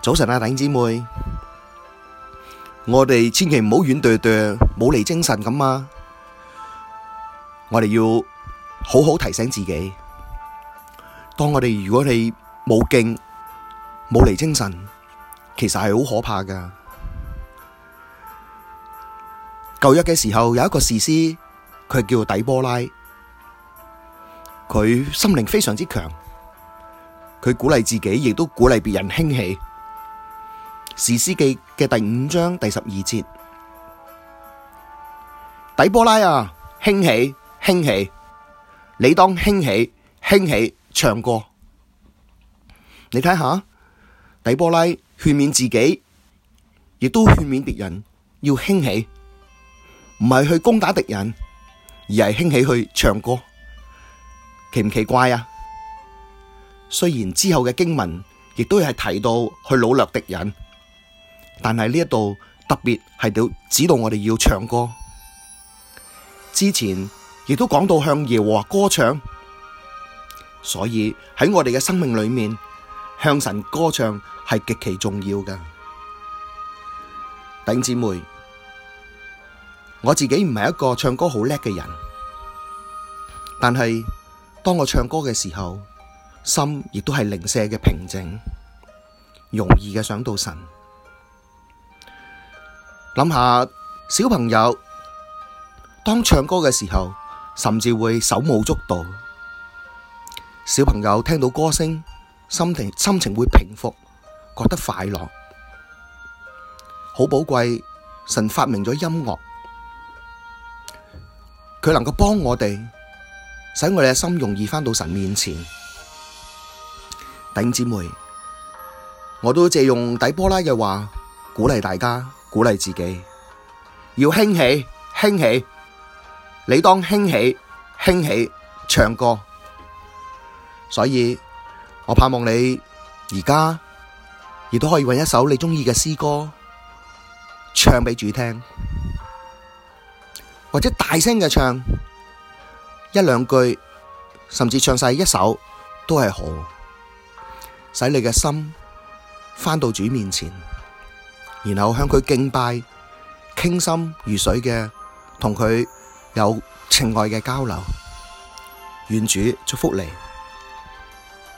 早晨啊，弟兄姊妹，我哋千祈唔好軟哆哆，冇嚟精神咁啊！我哋要好好提醒自己，當我哋如果你冇勁、冇嚟精神，其實係好可怕噶。舊約嘅時候有一個士師，佢叫底波拉，佢心靈非常之強，佢鼓勵自己，亦都鼓勵別人興起。《士師記》嘅第五章第十二節，底波拉啊，興起，興起，你當興起，興起，唱歌。你睇下，底波拉勸勉自己，亦都勸勉別人要興起，唔係去攻打敵人，而係興起去唱歌。奇唔奇怪啊？雖然之後嘅經文亦都係提到去擄掠敵人。但係呢一度特別係要指導，我哋要唱歌，之前亦都講到向耶和華歌唱，所以喺我哋嘅生命裏面向神歌唱係極其重要㗎。弟兄姊妹，我自己唔係一個唱歌好叻嘅人，但係當我唱歌嘅時候，心亦都係零舍嘅平靜，容易嘅想到神。諗下小朋友當唱歌嘅時候，甚至會手舞足蹈。小朋友聽到歌聲，心情心情會平復，覺得快樂，好寶貴。神發明咗音樂，佢能夠幫我哋，使我哋嘅心容易返到神面前。弟姊妹，我都借用底波拉嘅話，鼓勵大家。鼓勵自己，要興起，興起，你當興起，興起，唱歌。所以我盼望你而家，亦都可以揾一首你鍾意嘅詩歌，唱畀主聽，或者大聲嘅唱一兩句，甚至唱晒一首都係好，使你嘅心返到主面前。然後向佢敬拜，傾心如水嘅，同佢有情愛嘅交流，願主祝福你。